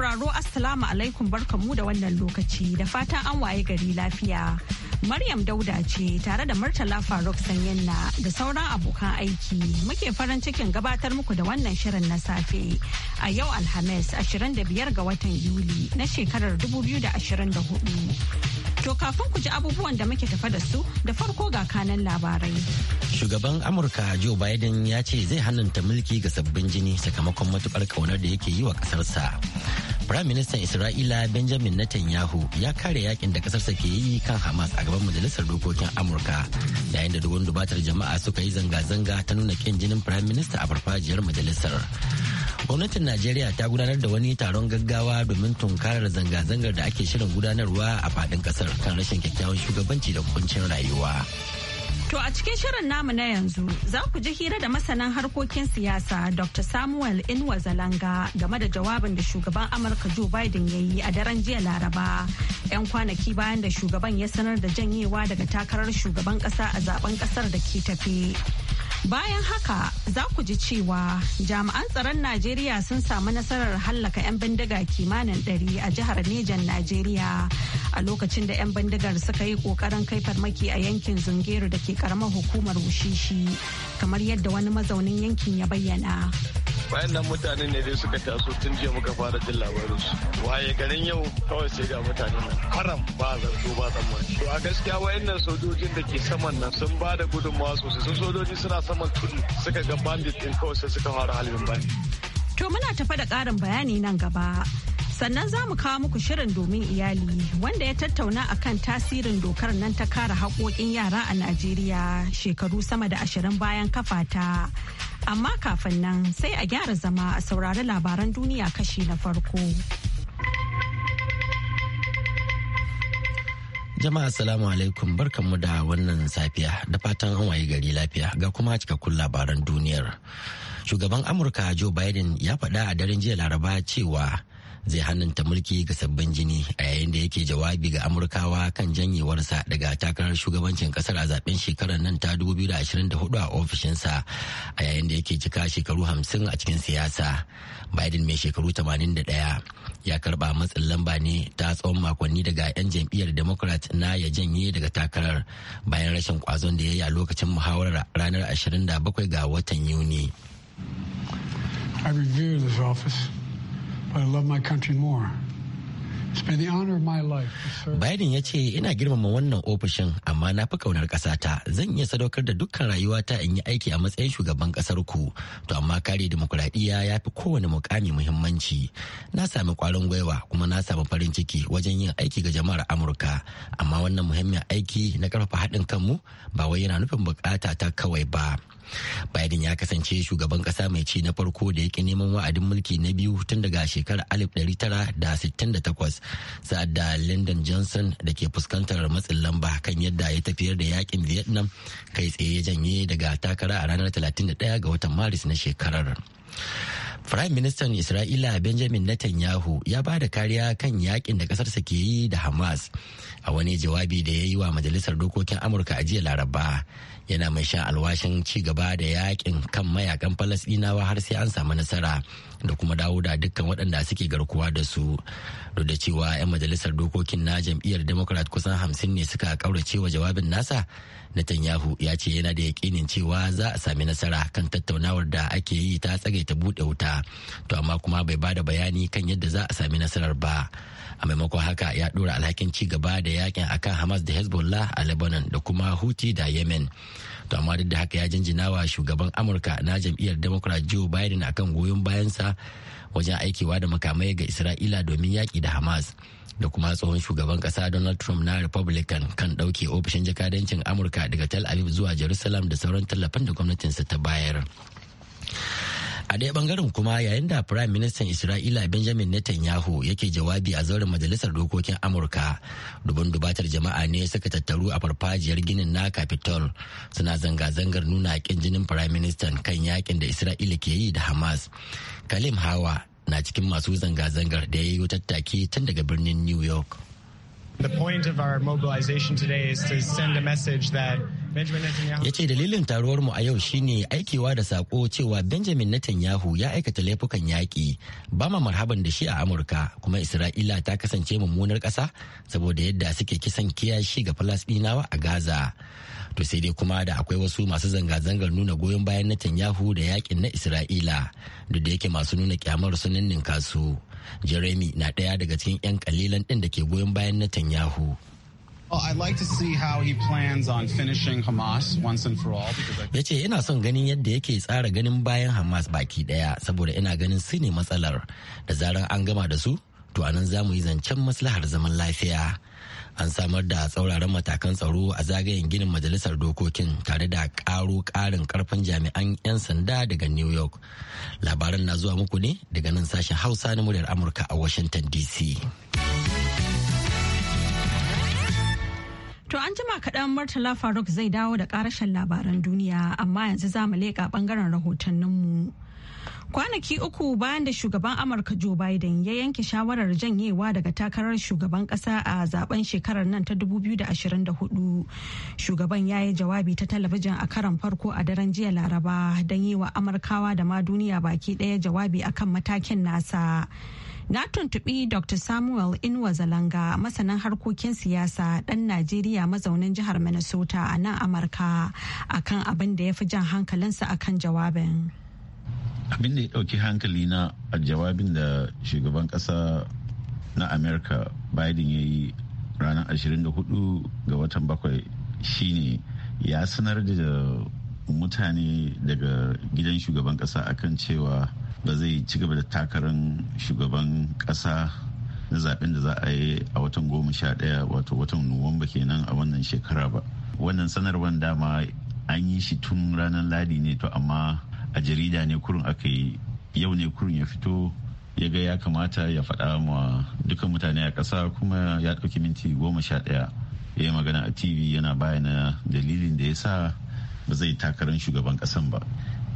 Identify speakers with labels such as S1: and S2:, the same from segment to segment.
S1: sauraro Assalamu alaikum barkamu da wannan lokaci da fatan an waye gari lafiya. Maryam Dauda ce tare da Murtala Faruk Sanyanna da sauran abokan aiki muke farin cikin gabatar muku da wannan shirin na safe a yau Alhamis 25 ga watan Yuli na shekarar 2024. To kafin ku ji abubuwan da muke tafa da su da farko ga kanan labarai.
S2: Shugaban Amurka Joe Biden ya ce zai hannunta mulki ga sabbin jini sakamakon matukar kaunar da yake yi wa kasarsa. Prime Minister Isra'ila Benjamin Netanyahu ya kare yakin da ƙasarsa ke yi kan Hamas a gaban Majalisar Dokokin Amurka yayin da dubun dubatar jama'a suka yi zanga-zanga ta nuna kin jinin Prime Minister a farfajiyar majalisar. gwamnatin najeriya ta gudanar da wani taron gaggawa domin tunkarar zanga-zangar da ake shirin gudanarwa a fadin kasar kan rashin kyakkyawan shugabanci da kuncin rayuwa
S1: To a cikin shirin namu na yanzu za ku ji hira da masanan harkokin siyasa Dr. Samuel Inwa Zalanga game da jawabin da shugaban Amurka Joe Biden ya yi a daren jiya Laraba. 'Yan kwanaki bayan da shugaban ya sanar da janyewa daga takarar shugaban kasa a zaben kasar da ke tafe. Bayan haka za ku ji cewa jami'an tsaron Najeriya sun samu nasarar hallaka 'yan bindiga kimanin ɗari a jihar Nejan Najeriya a lokacin da 'yan bindigar suka yi kokarin kai farmaki a yankin Zungeru da ke karamar hukumar Wushishi kamar yadda wani mazaunin yankin ya bayyana.
S3: wayannan mutane ne dai suka taso tun jiya muka fara jin labarin su waye garin yau kawai sai ga mutane nan haram ba zargo ba tsammani to a gaskiya wayannan sojojin da ke saman nan sun ba da gudunmawa sosai sun sojoji suna saman tudu suka ga bandit din kawai sai suka fara halin bani
S1: to muna tafa da karin bayani nan gaba sannan za mu kawo muku shirin domin iyali wanda ya tattauna a kan tasirin dokar nan ta kare haƙoƙin yara a najeriya shekaru sama da ashirin bayan kafa ta Amma kafin nan sai a gyara zama a saurari labaran duniya kashi na farko.
S2: Jama'a salamu alaikum barkanmu da wannan safiya da fatan an waye gari lafiya ga kuma cikakkun labaran duniyar. Shugaban Amurka Joe Biden ya faɗa a daren jiya Laraba cewa zai hannunta mulki ga sabbin jini a yayin da yake jawabi ga amurkawa kan janyewarsa daga takarar shugabancin kasar a zaben shekarar nan ta 2024 a ofishinsa a yayin da yake cika shekaru 50 a cikin siyasa biden mai shekaru 81 ya karba matsin lamba ne ta tsawon makonni daga 'yan jam'iyyar democrat na ya janye daga takarar bayan rashin kwazon da ya yi a lokacin muhawarar ranar 27 ga watan
S4: yuni but I
S2: Biden ya ce ina girmama wannan ofishin amma na fi kaunar ƙasata zan iya sadaukar da dukkan rayuwata in yi aiki a matsayin shugaban ƙasar ku to amma kare demokuraɗiyya ya fi kowane mukami muhimmanci na sami ƙwarin gwiwa kuma na sami farin ciki wajen yin aiki ga jama'ar Amurka amma wannan muhimmin aiki na ƙarfafa haɗin kanmu ba wai yana nufin buƙata ta kawai ba. Biden ya kasance shugaban kasa mai ci na farko da yake neman wa'adin mulki na biyu tun daga shekarar 1968 sa'ad da Lyndon Johnson da ke fuskantar matsin lamba kan yadda ya tafiyar da yakin Vietnam kai tsaye ya janye daga takara a ranar 31 ga watan Maris na shekarar. Prime Ministan Isra'ila Benjamin Netanyahu ya ba da kariya kan yakin da kasarsa ke yi da Hamas a wani jawabi da ya yi wa Majalisar Dokokin Amurka a jiya Laraba yana mai sha alwashin ci gaba da yakin kan mayakan falasdinawa har sai an samu nasara da kuma dawo da dukkan waɗanda suke garkuwa da su duk da cewa 'yan majalisar dokokin na jam'iyyar democrat kusan hamsin ne suka kaurace wa jawabin nasa netanyahu ya ce yana da yakinin cewa za a sami nasara kan tattaunawar da ake yi ta tsagaita bude wuta to amma kuma bai bada bayani kan yadda za a sami nasarar ba a maimakon haka ya dora alhakin ci gaba da yakin akan hamas da hezbollah a lebanon da kuma huti da yemen to amma duk da haka ya jinjina wa shugaban amurka na jam'iyyar democrat joe biden akan goyon bayansa wajen aikewa da makamai ga isra'ila domin yaki da hamas da kuma tsohon shugaban kasa donald trump na republican kan ɗauke ofishin jakadancin amurka daga tel aviv zuwa jerusalem da sauran tallafin da gwamnatinsa ta bayar a ɗaya bangaren kuma yayin da prime minister isra'ila benjamin netanyahu yake jawabi a zauren majalisar dokokin amurka duban dubatar jama'a ne suka tattaru a farfajiyar ginin na capitol suna zanga-zangar nuna kin jinin prime minister kan yakin da isra'ila ke yi da hamas kalim hawa na cikin masu zanga-zangar da ya yi tattaki tun daga birnin new york
S3: The point our mobilization today is to send a message ya
S2: ce dalilin taruwar mu a yau shine aikewa da sako cewa benjamin netanyahu ya aikata laifukan yaƙi ba ma marhaban da shi a amurka kuma isra'ila ta kasance mummunar ƙasa saboda yadda suke kisan kiyashi ga falasɗinawa a gaza to sai dai kuma da akwai wasu masu zanga-zangar nuna goyon bayan netanyahu da yaƙin na isra'ila duk da yake masu nuna kyamar sunan ninninka Jeremy na ɗaya daga cikin 'yan kalilan ɗin da ke goyon bayan Netanyahu. Ya ce ina son ganin yadda yake tsara ganin bayan Hamas baki ɗaya saboda ina ganin su ne matsalar da zarar an gama da su to anan za mu yi zancen maslahar zaman lafiya an samar da tsauraran matakan tsaro a zagayen ginin majalisar dokokin tare da karo karin karfin jami'an 'yan sanda daga new york labaran na zuwa muku ne daga nan sashen hausa na muryar amurka a washington dc
S1: To an jima kaɗan Murtala Faruk zai dawo da ƙarashin labaran duniya amma yanzu za mu leƙa ɓangaren rahotanninmu. mu. Kwanaki uku bayan da shugaban Amurka Joe Biden ya yanke shawarar janyewa daga takarar shugaban kasa a zaben shekarar nan ta 2024. Shugaban ya yi jawabi ta talabijin a karon farko a daren jiya Laraba don yi wa Amurkawa da ma duniya baki ɗaya jawabi akan matakin nasa. Na tuntubi Dr. Samuel Inwazalanga masanin harkokin siyasa ɗan Najeriya mazaunin jihar Minnesota a nan Amurka akan abin da ya fi jan hankalinsa akan jawabin.
S5: abin da ya ɗauki hankali na a jawabin da shugaban ƙasa na america biden ya yi ranar 24 ga watan bakwai shine ya sanar da mutane daga gidan shugaban ƙasa akan cewa ba zai ci gaba da takarar shugaban ƙasa na zaben da za a yi a watan goma sha ɗaya wato watan nuwamba kenan a wannan shekara ba wannan sanarwar dama an yi shi tun ranar ladi ne to amma a jarida ne kurin aka yi yau ne kurin ya fito ya ga ya kamata ya faɗa ma dukkan mutane a ƙasa kuma ya ɗauki minti goma sha ɗaya ya yi magana a tv yana bayana dalilin da ya sa ba zai takarar shugaban ƙasan ba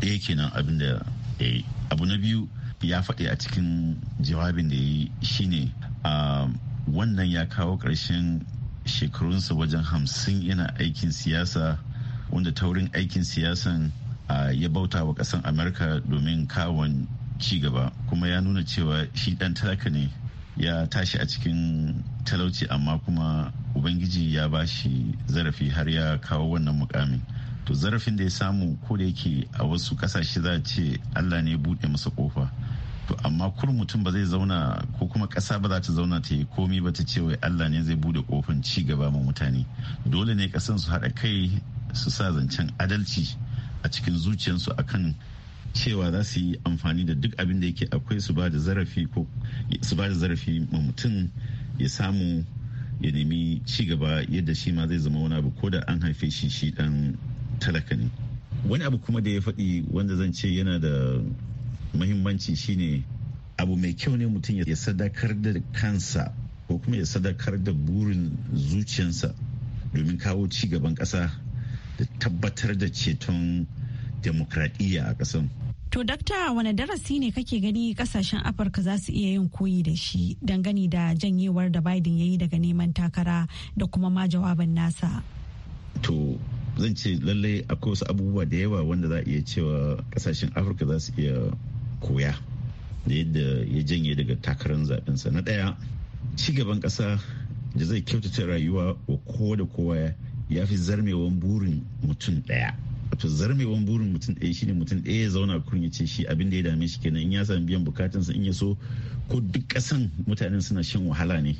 S5: ɗaya kenan abin da ya yi abu na biyu ya faɗi a cikin jawabin da ya yi shine wannan ya kawo ƙarshen shekarunsa wajen hamsin yana aikin siyasa wanda taurin aikin siyasan a ya bauta wa kasan amurka domin kawon gaba kuma ya nuna cewa shi dan talaka ne ya tashi a cikin talauci amma kuma ubangiji ya ba shi zarafi har ya kawo wannan mukamin to zarafin da ya samu ko da yake a wasu kasashe za a ce allah ne bude masa kofa to amma kur mutum ba zai zauna ko kuma ƙasa ba za ta zauna ta yi komi ba ta ce wai allah ne zai bude kofin ci gaba ma mutane dole ne ƙasan su haɗa kai su sa zancen adalci a cikin zuciyarsu a kan cewa za su yi amfani da duk abin da yake akwai su ba da zarafi ko su ba da zarafi ma mutum ya samu ya nemi ci gaba yadda shi ma zai zama wani abu ko da an haife shi shi dan talaka ne wani abu kuma da ya faɗi wanda zan ce yana da mahimmanci shine abu mai kyau ne mutum ya sadakar da kansa ko kuma ya sadakar da burin zuciyarsa domin kawo ci gaban ƙasa da tabbatar da ceton demokradiyya a ƙasar.
S1: To, dakta wani darasi ne kake gani kasashen Afirka za su iya yin koyi da shi dangane da janyewar da Biden ya yi daga neman takara da kuma ma jawabin nasa?
S5: To, zan ce lallai akwai wasu abubuwa da yawa wanda za a iya cewa kasashen Afirka za su iya koya da yadda ya janye daga takarar zaɓensa. Na ɗaya, ci gaban ƙasa da zai kyautata rayuwa wa kowa da kowa ya fi zarmewan burin mutum daya wato zarmewan burin mutum ɗaya shine mutum ɗaya ya zauna kurin ya ce shi abin da ya dame shi kenan in ya sami biyan bukatunsa in ya so ko duk ƙasan mutanen suna shan wahala ne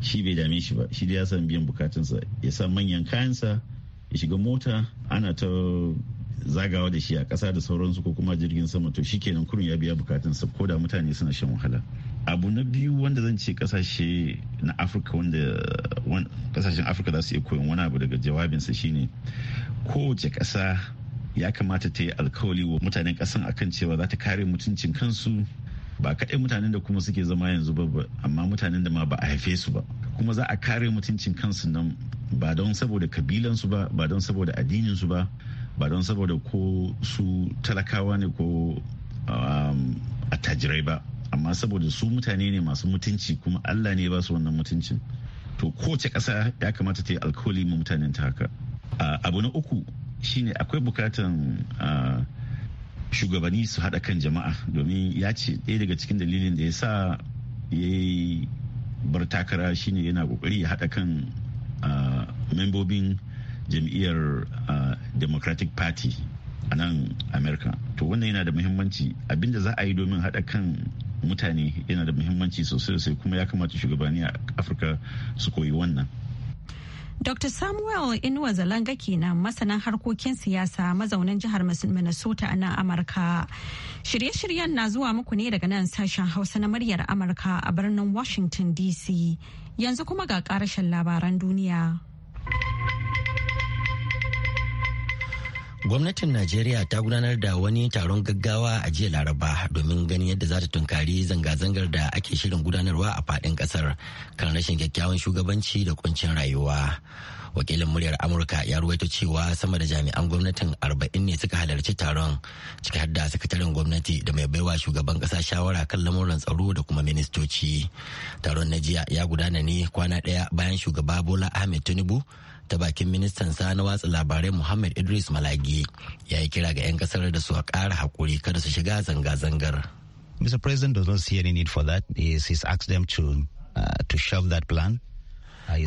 S5: shi bai dame shi ba shi da ya sami biyan bukatunsa ya sa manyan kayansa ya shiga mota ana ta zagawa da shi a ƙasa da sauransu ko kuma jirgin sama to shi kenan kurin ya biya bukatunsa ko da mutane suna shan wahala abu na biyu wanda zan ce kasashe na afirka wanda kasashen afirka za su iya koyon wani abu daga jawabinsa shine kowace ƙasa ya kamata ta yi alkawali wa mutanen ƙasan akan cewa za ta kare mutuncin kansu ba kaɗai mutanen da kuma suke zama yanzu ba amma mutanen da ma ba a haife su ba kuma za a kare mutuncin kansu nan ba don saboda kabilansu ba ba don saboda addininsu ba ba don saboda ko su talakawa ne ko um, attajirai ba amma saboda su mutane ne masu mutunci kuma allah ne ba su wannan mutuncin to kowace kasa ya kamata ta yi alkoli ma mutanen ta haka abu na uku shine akwai bukatan shugabanni su haɗa kan jama'a domin ya ce ɗaya daga cikin dalilin da ya sa ya yi bar takara shine yana kokari ya haɗa kan membobin jam'iyyar democratic party a nan america to wannan yana da muhimmanci abinda za a yi domin haɗa kan mutane yana da muhimmanci sosai da sai kuma ya kamata shugabanni a afirka su koyi wannan
S1: Dr. Samuel Inuwa Zalanga kenan masanan harkokin siyasa mazaunin jihar Minnesota a nan Amurka. Shirye-shiryen na zuwa muku ne daga nan sashen Hausa na muryar Amurka a birnin Washington DC. Yanzu kuma ga ƙarashin labaran duniya.
S2: Gwamnatin Najeriya ta gudanar da wani taron gaggawa a jiya Laraba domin ganin yadda za ta tunkari zanga-zangar da ake shirin gudanarwa a faɗin ƙasar kan rashin kyakkyawan shugabanci da kuncin rayuwa. Wakilin muryar Amurka ya ruwaito cewa sama da jami'an gwamnatin arba'in ne suka halarci taron ciki har da sakataren gwamnati da mai baiwa shugaban ƙasa shawara kan lamuran tsaro da kuma ministoci. Taron na jiya ya gudana ne kwana ɗaya bayan shugaba Bola Ahmed Tinubu ta bakin ministan sa na watsa labarai Muhammad Idris Malagi ya yi kira ga 'yan kasar da su a kara hakuri kada su shiga zanga-zangar. Mr. President does not see any need for that. he has asked them to, uh, to shelve that plan.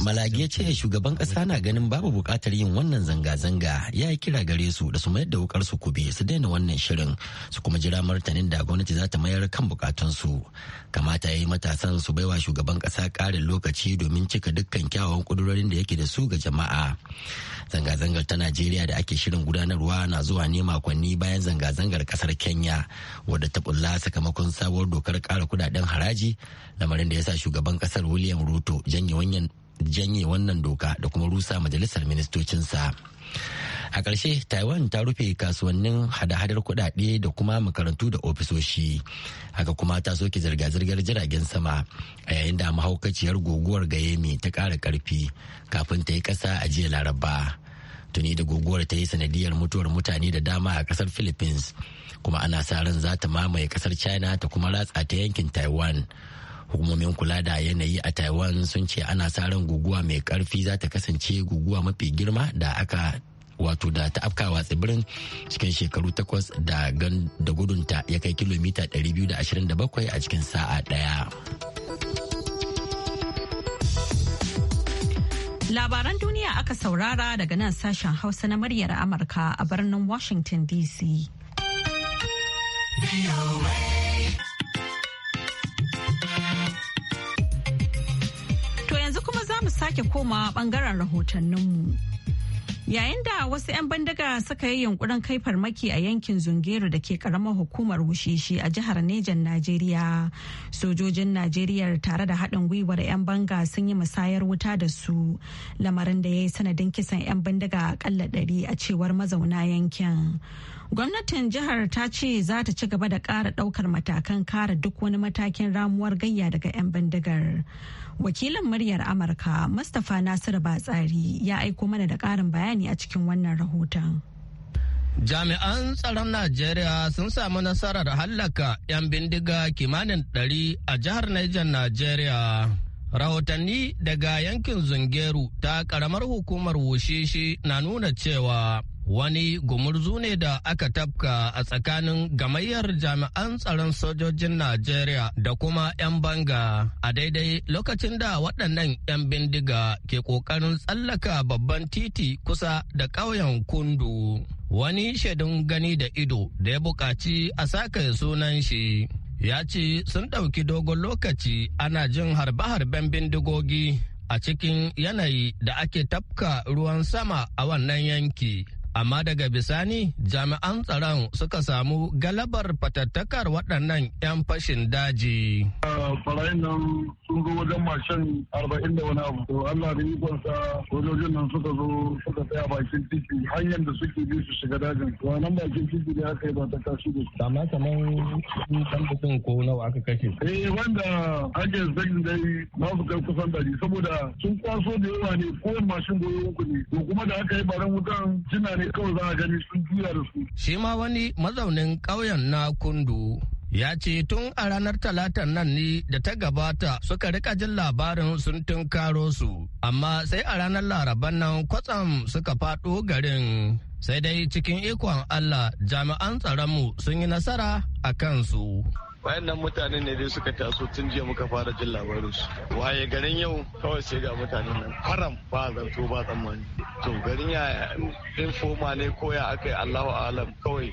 S2: malage ce shugaban kasa na ganin babu bukatar yin wannan zanga-zanga ya yi kira gare su da su mayar da wukar su kube su daina wannan shirin su kuma jira martanin da gwamnati za ta mayar kan bukatunsu kamata ya yi matasan su baiwa shugaban kasa karin lokaci domin cika dukkan kyawawan kudurorin da yake da su ga jama'a zanga-zangar ta najeriya da ake shirin gudanarwa na zuwa ne makonni bayan zanga-zangar kasar kenya wadda ta bulla sakamakon sabuwar dokar kara kudaden haraji lamarin da ya sa shugaban kasar william ruto janye janye wannan doka da kuma rusa majalisar ministocinsa a ƙarshe taiwan ta rufe kasuwannin hada-hadar kuɗaɗe da kuma makarantu da ofisoshi haka kuma ta soke zirga-zirgar jiragen sama a yayin da mahaukaciyar guguwar gayemi ta ƙara ƙarfi kafin ta yi ƙasa a jiya laraba tuni da guguwar ta yi sanadiyar mutuwar mutane da dama a ƙasar philippines kuma ana sa ran za ta mamaye ƙasar china ta kuma ratsa ta yankin taiwan hukumomin kula da yanayi a taiwan sun ce ana sa ran guguwa mai karfi za ta kasance guguwa mafi girma da aka wato da ta afkawa tsibirin cikin shekaru takwas da da gudunta ya kai kilomita 227 a cikin sa'a daya.
S1: Labaran duniya aka saurara daga nan sashen Hausa na muryar Amurka a birnin Washington DC. za mu sake koma bangaren rahotanninmu. Yayin da wasu 'yan bandaga suka yi yunkurin kai farmaki a yankin Zungeru da ke karamar hukumar Wushishi a jihar Nejan Najeriya, sojojin Najeriya tare da haɗin gwiwar 'yan banga sun yi musayar wuta da su, lamarin da ya yi sanadin kisan 'yan bandaga akalla ɗari a cewar mazauna yankin. Gwamnatin jihar ta ce za ta ci gaba da ƙara ɗaukar matakan kare duk wani matakin ramuwar gayya daga 'yan bindigar. Wakilin muryar Amurka Mustapha Nasiru Batsari ya aiko mana da ƙarin bayani a cikin wannan rahoton.
S6: Jami'an tsaron Najeriya sun samu nasarar hallaka 'yan bindiga kimanin 100 a jihar Niger Najeriya. Rahotanni daga yankin Zungeru ta ƙaramar hukumar Wushishi na nuna cewa wani gumurzu ne da aka tafka a tsakanin gamayyar jami'an tsaron sojojin Najeriya da kuma 'yan banga a daidai lokacin da waɗannan 'yan bindiga ke ƙoƙarin tsallaka babban titi kusa da ƙauyen Kundu. Wani shaidun gani da ido da ya buƙaci a saka sunan shi. Ya ce sun ɗauki dogon lokaci ana jin harbe-harben bindigogi a cikin yanayi da ake tafka ruwan sama a wannan yanki. amma daga bisani jami'an tsaron suka samu galabar fatattakar waɗannan 'yan fashin daji. Farayin ah, nan
S3: sun zo wajen mashin arba'in da wani abu. Allah da ikonsa sojojin nan suka zo suka tsaya bakin titi hanyar da suke bi su shiga dajin. Wannan bakin titi da aka yi ba ta kashi da su. Amma kamar
S6: sun san mutum ko nawa aka kashe. Eh wanda ake zagin dai na su kai kusan dari saboda sun kwaso da yawa ne kowane mashin goyo uku ne. To kuma da aka yi baran wutan jina ne kawai za a gani sun juya da su. Shi ma wani mazaunin ƙauyen na kundu ya ce tun a ranar talatan nan ne da ta gabata suka rika jin labarin sun tunkaro su amma sai a ranar laraban nan kwatsam suka faɗo garin sai dai cikin ikon allah jami'an tsaronmu sun yi nasara a kansu
S3: wayannan mutanen ne dai suka taso tun jiya muka fara jin labarin waye garin yau kawai sai ga mutanen nan haram ba zato ba tsammani to garin ya informa ne ko ya aka yi allahu alam kawai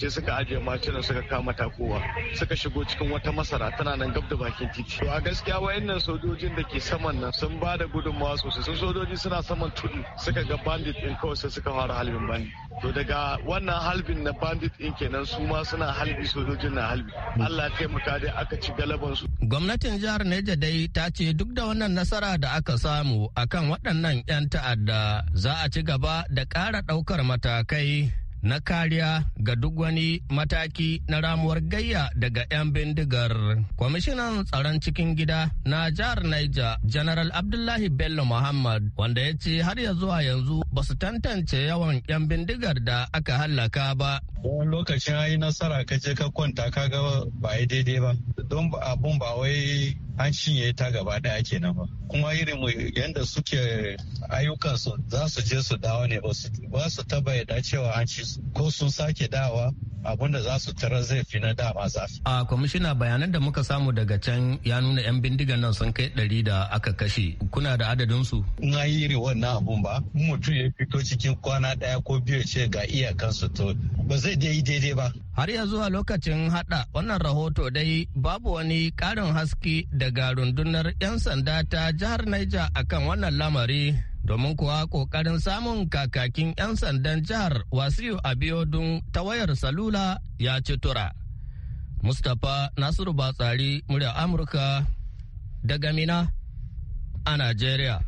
S3: sai suka ajiye matunan suka kama takowa suka shigo cikin wata masara tana nan gab da bakin titi to a gaskiya wayannan sojojin da ke saman nan sun ba da gudunmawa sosai sun sojoji suna saman tudu suka ga bandit din kawai sai suka fara halbin bani to daga wannan halbin na bandit din kenan su ma suna halbi sojojin na halbi Allah ya taimaka dai aka ci galaban su
S6: gwamnatin jihar Neja dai ta ce duk da wannan nasara da aka samu akan waɗannan 'yan ta'adda za a ci gaba da ƙara ɗaukar matakai na kariya ga duk wani mataki na ramuwar gayya daga 'yan bindigar. Kwamishinan tsaron cikin gida na jihar Niger, General Abdullahi Bello Muhammad, wanda ya ce har ya zuwa yanzu ba su tantance yawan 'yan bindigar da aka hallaka ba. Wani lokacin ya yi nasara
S3: ka je ka kwanta ka ga ba daidai ba. Don abun ba wai an cinye ta gaba daya kenan ba kuma irin yadda suke ayyukansu za su je su dawo ne ba su taba yadda cewa an ci ko sun sake dawa abinda za su tara zai fi na dama zafi.
S6: A kwamishina bayanan da muka samu daga can ya nuna 'yan bindigan nan sun kai ɗari da aka kashe. Kuna da adadin su?
S3: Na yi iri wannan abun ba. Mutum ya fito cikin kwana daya ko biyu ce ga iyakansu to
S6: ba zai dai daidai ba. Har ya zuwa lokacin hada wannan rahoto dai babu wani karin haske da daga rundunar 'yan sanda ta jihar Niger akan wannan lamari domin kuwa kokarin samun kakakin 'yan sandan jihar wasu abiodun ta wayar salula ya ci tura. mustapha nasiru batsari murya amurka daga mina a najeriya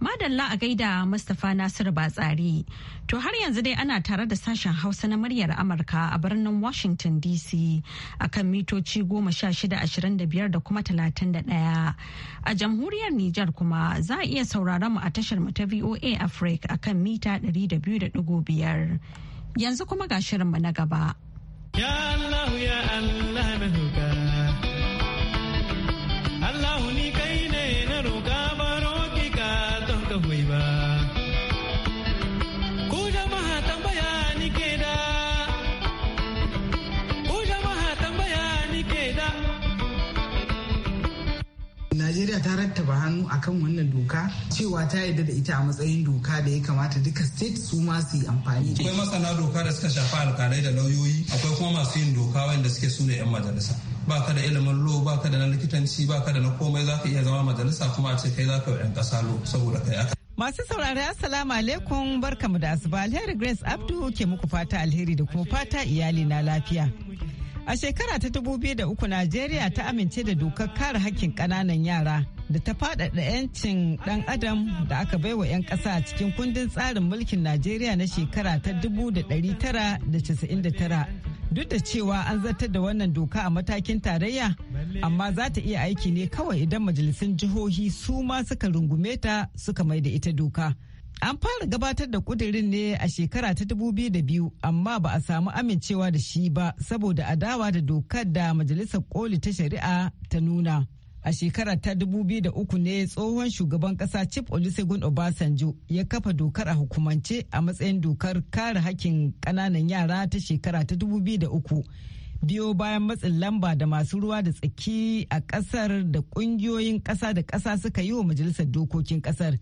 S1: Madalla a gaida Mustapha Nasiru Batsari. To har yanzu dai ana tare da sashen Hausa na muryar Amurka a birnin Washington DC akan mitoci goma sha shida ashirin da biyar da kuma talatin da ɗaya. A jamhuriyar Nijar kuma za a iya sauraron mu a tashar mu ta VOA Africa akan mita ɗari da biyu da ɗigo biyar. Yanzu kuma ga shirin mu na gaba.
S7: Allah ni
S8: ta rattaba hannu akan wannan doka cewa ta yarda da ita a matsayin doka da ya kamata duka state su ma su yi amfani akwai masana
S7: doka da suka shafi alkalai da lauyoyi akwai kuma masu yin doka wanda suke su yan majalisa ba ka da ilimin lo ba ka da na likitanci ba ka da na komai za ka iya zama majalisa kuma a ce kai ka yi yan kasa lo saboda kai aka
S9: Masu saurari Assalamu alaikum barkamu da asuba alheri Grace Abdu ke muku fata alheri da kuma fata iyali na lafiya. A shekara ta 2003 Najeriya ta amince da dokar kare hakkin ƙananan yara da ta faɗaɗa 'yancin ɗan adam da aka baiwa 'yan ƙasa a cikin kundin tsarin mulkin najeriya na shekara ta 1999 duk da cewa an zartar da wannan doka a matakin tarayya amma za ta iya aiki ne kawai idan majalisun jihohi su ma suka rungume ta suka mai da ita doka an fara gabatar da kudirin ne a shekara ta 2002 amma ba a samu amincewa da shi ba saboda adawa da dokar da majalisar koli ta shari'a ta nuna a shekara ta 2003 ne tsohon shugaban kasa Chief Olusegun Obasanjo ya kafa dokar a hukumance a matsayin dokar kare hakkin kananan yara ta shekara ta 2003. Biyo bayan matsin lamba da masu ruwa da tsaki a kasar da kungiyoyin kasa da kasa suka yi wa majalisar dokokin kasar.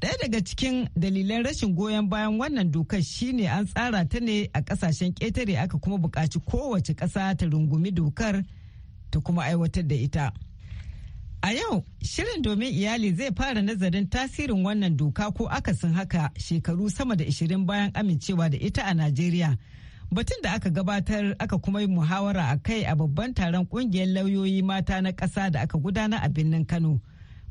S9: Ɗaya daga cikin dalilan rashin goyon bayan wannan dokar shine an tsara ta ne a ƙasashen ƙetare aka kuma buƙaci kowace ƙasa ta rungumi dokar ta kuma aiwatar da ita. A yau, shirin domin iyali zai fara nazarin tasirin wannan doka ko akasin haka shekaru sama da 20 bayan amincewa da ita a Najeriya. Batun da aka gabatar aka kuma yi muhawara a kai a babban taron kungiyar lauyoyi mata na ƙasa da aka gudana a birnin Kano.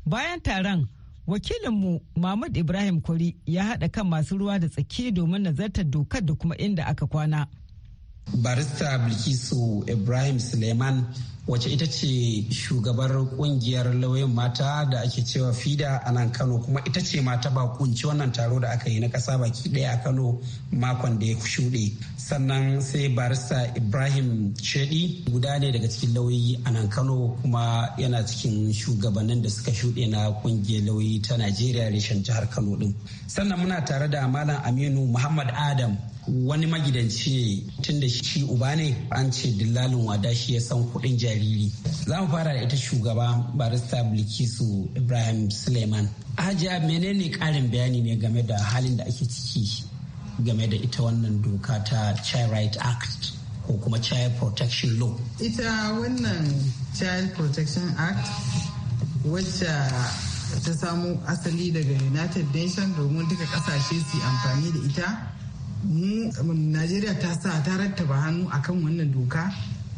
S9: Bayan taron, wakilinmu Mahmud Ibrahim Kwari ya haɗa kan masu ruwa da tsaki domin nazartar dokar da kuma inda aka kwana.
S4: barista bilkisu ibrahim suleiman wace ita ce shugabar kungiyar lauyan mata da ake cewa fida a nan kano kuma ita ce mata ba kunci wannan taro da aka yi na kasa baki daya a kano makon da ya shuɗe sannan sai barista ibrahim shedi guda ne daga cikin lauyi a nan kano kuma yana cikin shugabannin da suka shuɗe na kungiyar lauyi ta najeriya reshen jihar kano din sannan muna tare da malam aminu muhammad adam wani magidanci ne tun da shi uba ne an ce dillalin wada shi ya san kuɗin jariri za mu fara da ita shugaba barista bilkisu ibrahim suleiman hajiya menene ƙarin bayani ne game da halin da ake ciki game da ita wannan doka ta child right act ko kuma child protection law
S8: ita wannan child protection act wacce ta samu asali daga united nations domin duka kasashe su amfani da ita Um, najeriya ta sa ta rattaba hannu akan wannan doka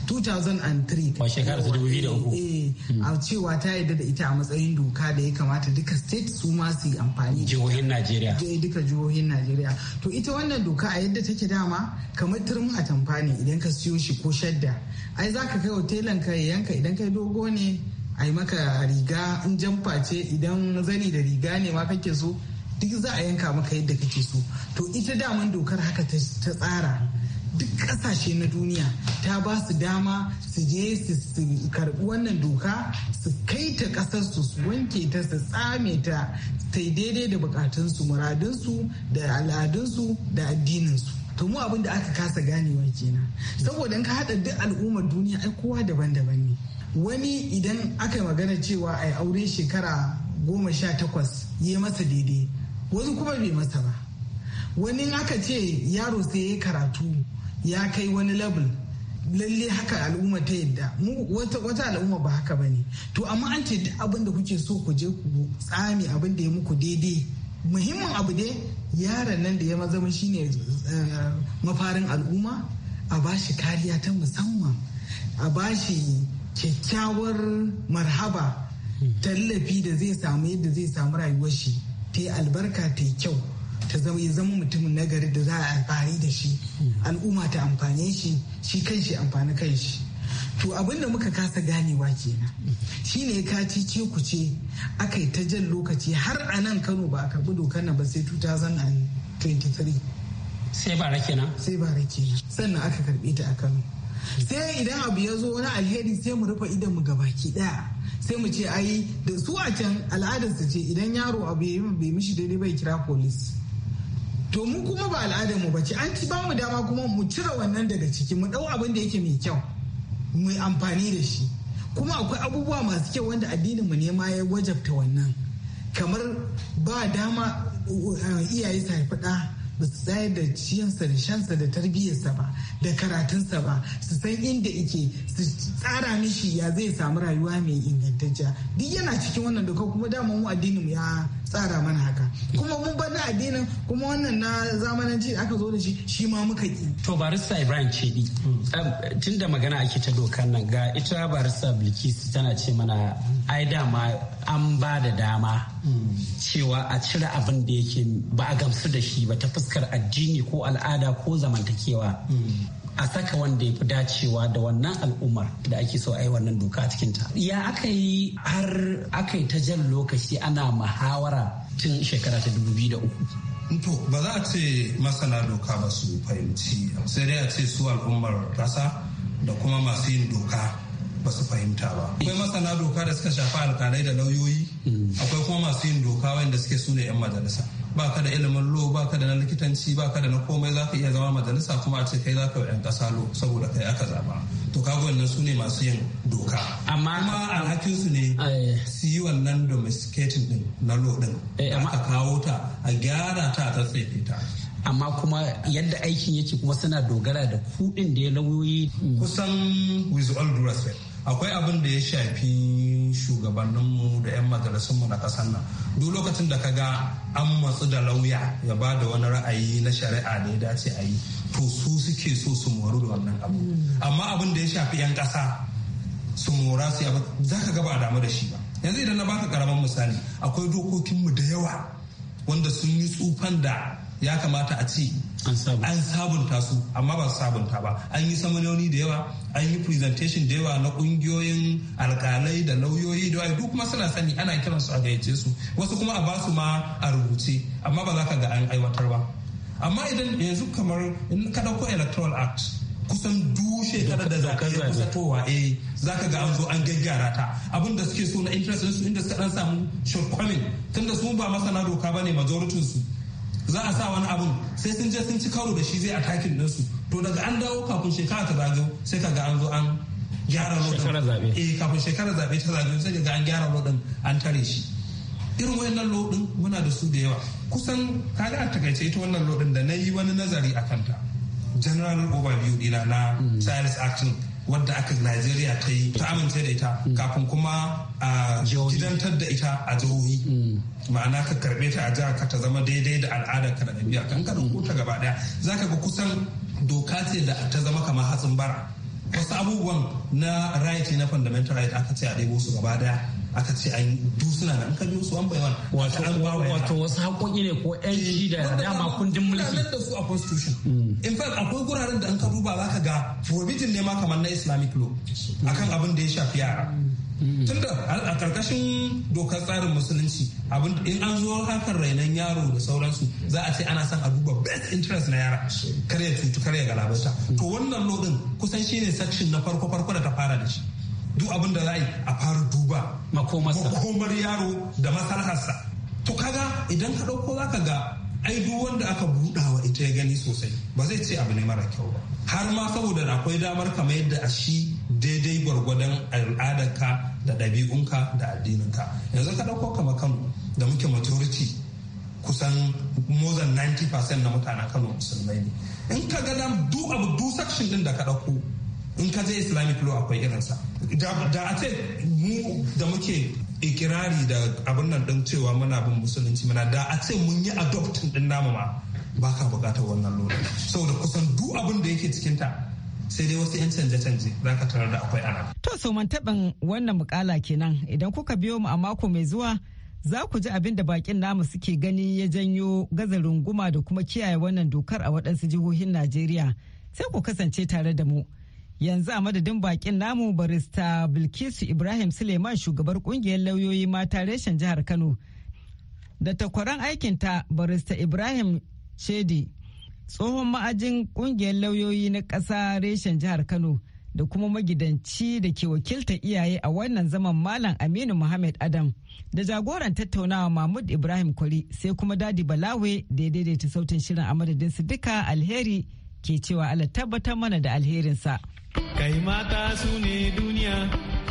S8: 2003 a shekarar 2003 a cewa ta yarda da ita a matsayin doka da ya kamata duka state su masu amfani jihohin najeriya eh, duka jihohin najeriya to ita wannan doka a yadda take dama kamar a tamfa ne idan ka siyo shi ko shadda ai za ka kai wa telan ka yanka idan kai dogo ne a maka riga in jamfa ce idan zani da riga ne ma kake so duk za a yanka maka yadda kake so to ita daman dokar haka ta tsara duk kasashe na duniya ta ba su dama su je su karbi wannan doka su kai ta kasar su su wanke ta su tsame ta ta daidai da bukatunsu muradunsu da al'adunsu da addininsu to mu abin da aka kasa ganewa kenan saboda in ka hada duk al'ummar duniya ai kowa daban-daban ne wani idan aka magana cewa ai aure shekara goma sha takwas ya masa daidai wasu kuma bai masa ba wani aka ce yaro sai ya karatu ya kai wani level lalle haka al'umma ta yadda wata al'umma ba haka ba ne to amma an ce duk abin da kuke so ku je ku tsami abin da ya muku daidai muhimmin abu dai yaron nan da ya zama shine eh, mafarin al'umma a bashi kariya ta musamman a bashi kyakkyawar marhaba hmm. tallafi da zai samu yadda zai samu rayuwar shi ta yi albarka ta yi kyau ta zama ya zama mutum nagari da za a amfani da shi al'umma ta amfane shi shi kan shi amfani kan shi to abin da muka kasa ganewa kenan shine ka ci ce ku ce aka yi ta jan lokaci har a nan kano ba a karbi dokar na ba sai 2023 sai bara kenan sai bara kenan sannan aka karɓe ta a kano sai idan abu ya zo wani alheri sai mu rufe idan mu gabaki daya sai mu ce ai da su a can al'adarsa ce idan yaro abu ya bai mishi daidai bai kira polis to mu kuma ba al'adar mu bace an ci ba mu dama kuma mu cire wannan daga ciki mu dau abin da yake mai kyau mu yi amfani da shi kuma akwai abubuwa masu kyau wanda addinin mu ne ma ya wajabta wannan kamar ba dama uh, uh, iyaye su haifi ɗa ba su tsayar da ciyansa da shansa da tarbiyyarsa ba da karatunsa ba su san inda ike su tsara mishi ya zai samu rayuwa mai ingantacciya duk yana cikin wannan doka kuma daman mu addinin ya tsara mana haka kuma mun bar na addinin kuma wannan na zamananci aka zo da shi shi ma muka ki
S4: to barista Ibrahim Cedi um, tun da magana ake ta dokar nan ga ita barista Bilkisu tana ce mana ai dama an ba da dama cewa a cire abin da yake ba a gamsu da shi ba ta fuskar addini ko al'ada ko zamantakewa a saka wanda ya fi dacewa da wannan al'ummar da ake so a yi wannan doka a cikinta ya aka yi har aka yi ta jan lokaci ana muhawara tun shekara ta uku. To
S7: ba za a ce masana doka ba su fahimci sai dai a ce su al'ummar ƙasa da kuma masu yin doka ba su fahimta ba. Akwai masana doka da suka shafa alkalai da lauyoyi, mm. akwai kuma masu yin doka wanda suke su ne 'yan majalisa. Ba ka da ilimin lo ba ka da na likitanci ba ka da na komai za ka iya zama majalisa kuma a ce kai ka yi yan kasa lo saboda kai aka zaba to kaga wannan su ne masu yin doka
S4: amma kuma alhakin su ne eh. su yi wannan domesticating din na lo din aka kawo ta a gyara ta a tsatsefe ta amma kuma yadda aikin yake kuma suna dogara da kuɗin da ya lauyoyi kusan with all due respect akwai abin da ya shafi shugabanninmu
S7: da 'yan majalisunmu na ƙasar nan duk lokacin da ka ga an matsu da lauya ya ba da wani ra'ayi na shari'a da ya dace a yi to su suke so su moru da wannan abu hmm. amma abin da ya shafi 'yan ƙasa su mora su yaba za ka gaba damu da shi ba yanzu idan na baka karamin misali akwai dokokinmu da yawa wanda sun yi tsufan da ya kamata a ce an sabunta su amma ba su sabunta ba an yi samanoni da yawa an yi presentation da yawa na kungiyoyin alkalai da lauyoyi da duk kuma suna sani ana kiransu a gayyace su wasu kuma a ba su ma a rubuce amma ba za ka ga an aiwatar ba amma idan yanzu kamar in ka dauko electoral act kusan dushe kada da zaka ya kusa eh za ka ga an zo an gaggara ta abin da suke so na interest su inda suka dan samu shortcoming tunda su ba masana doka bane majoritin su za a sa wani abun sai sun je sun ci karo da shi zai a ɗin nasu to daga an dawo kafin shekara ta zagayo sai ka ga an zo an gyara lodin eh kafin shekara zabe ta zagayo sai ka ga an gyara lodin an tare shi irin wayannan lodin muna da su da yawa kusan kaga a takaice ita wannan lodin da na yi wani nazari a kanta general overview dina na mm. science action wadda aka Najeriya ta yi ta amince da ita mm. kafin kuma a gidantar da ita a jihohi mm. ma'ana ka karbe ta a jihar ka ta zama daidai da al'adar ka da ɗabi'a kan ka rubuta gaba ɗaya ka ga kusan doka ce da ta zama kamar hatsin bara wasu abubuwan na right na fundamental right aka ce a ɗebo su gaba ɗaya aka ce an du na nan ka an bayan wato wasu haƙoƙi ne ko yanci eh, da dama kundin mulki da su a constitution mm. in fact akwai guraren da an ka duba zaka ga prohibiting ne ma kamar na islamic law akan abin da ya shafi yara mm. tunda a karkashin dokar tsarin musulunci abin in an zo harkar rainon yaro da sauransu za a ce ana son a duba best interest na yara kar ya cutu kar mm. to wannan lodin kusan shine section na farko farko da ta fara da shi duk abin da za a fara duba makomar yaro da masararsa. to kaga idan ka ɗauko za ka ga ai duk wanda aka wa ita ya gani sosai ba zai ce abu ne mara kyau ba har ma saboda akwai damar kamar yadda a shi daidai gwargwadon al'adarka da ɗabi'unka da addininka yanzu ka ɗauko kama kano da muke maturity kusan more than 90% na mutanen kano musulmai ne in ka ga duk abu duk section din da ka ɗauko in ka je islamic law akwai irinsa da a ce mu da muke ikirari da abin nan din cewa muna bin musulunci muna da a ce mun yi adoptin din namu ma ba ka bukatar wannan lura saboda kusan duk abin da yake cikinta sai dai wasu 'yan canje-canje za ka tarar da akwai ana.
S9: To so man taɓin wannan mukala kenan idan kuka biyo mu a mako mai zuwa za ku ji abin da bakin namu suke gani ya janyo gaza runguma da kuma kiyaye wannan dokar a waɗansu jihohin Najeriya sai ku kasance tare da mu. Yanzu a madadin bakin namu barista Bilkisu Ibrahim Suleiman shugabar kungiyar lauyoyi mata reshen jihar Kano. Da takwaran aikinta barista Ibrahim Shedi, tsohon ma'ajin kungiyar lauyoyi na ƙasa reshen jihar Kano da kuma magidanci da ke wakilta iyaye a wannan zaman Malam Aminu Muhammad Adam da jagoran tattaunawa Mahmud Ibrahim Kwari sai kuma Dadi Balawe da ya daidaita sautin shirin a madadinsu duka alheri ke cewa Allah tabbatar mana da alherinsa.
S3: Kai mata su ne duniya,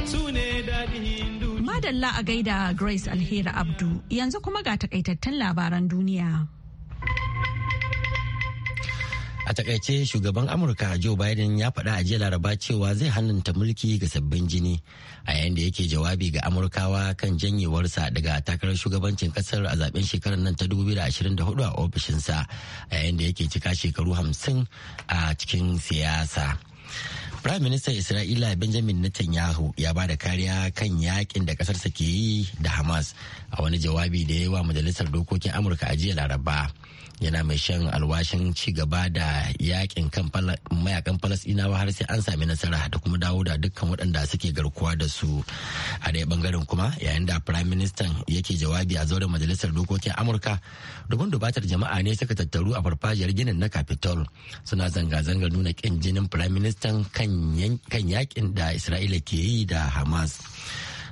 S3: su ne daɗin
S1: duniya. Madalla a gaida Grace Alheri Abdu yanzu kuma ga takaitattun labaran duniya.
S2: A takaice shugaban Amurka Joe Biden ya faɗa a jiya laraba cewa zai hannunta mulki ga sabbin jini a yayin da yake jawabi ga Amurkawa kan janyewarsa daga takarar shugabancin kasar a zaben shekarar nan ta 2024 a ofishinsa a yayin da yake cika shekaru 50 a cikin siyasa. Prime Minister Isra'ila Benjamin Netanyahu ya ba da kariya kan yakin da kasarsa ke yi da Hamas a wani jawabi da ya yi wa Majalisar Dokokin Amurka a jiya Laraba. yana mai shan alwashin ci gaba da yakin kan mayakan falasɗinawa har sai an sami nasara da kuma dawo da dukkan waɗanda suke garkuwa da su a daya bangaren kuma yayin da prime minister yake jawabi a zauren majalisar dokokin amurka domin dubatar jama'a ne suka tattaru a farfajiyar ginin na capitol suna zanga-zangar nuna kin jinin prime minister kan yakin da isra'ila ke yi da hamas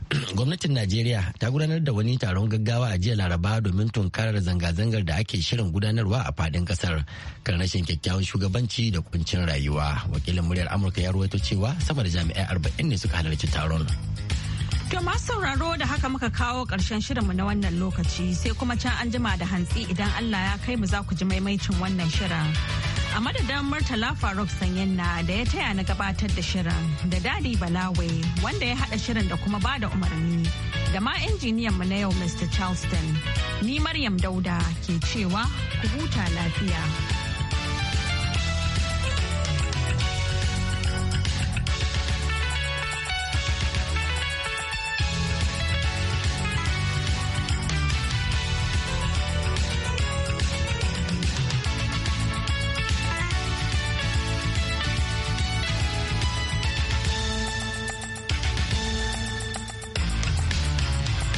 S2: gwamnatin najeriya ta gudanar da wani taron gaggawa a jiya laraba domin tunkarar zanga-zangar da ake shirin gudanarwa a fadin kasar kan rashin kyakkyawan shugabanci da kuncin rayuwa wakilin muryar amurka ya ruwaito cewa sama da jami'ai arba'in ne suka halarci taron
S1: To masu sauraro da haka muka kawo ƙarshen mu na wannan lokaci sai kuma can an jima da hantsi idan Allah ya kai mu za ku ji maimaicin wannan shirin. A madadin Murtala Faruk sanyin na da ya taya na gabatar da shirin da Dadi Balawe wanda ya haɗa shirin da kuma bada umarni da ma injiniyan mu na yau Mr. Charleston. Ni Maryam Dauda ke cewa ku huta lafiya.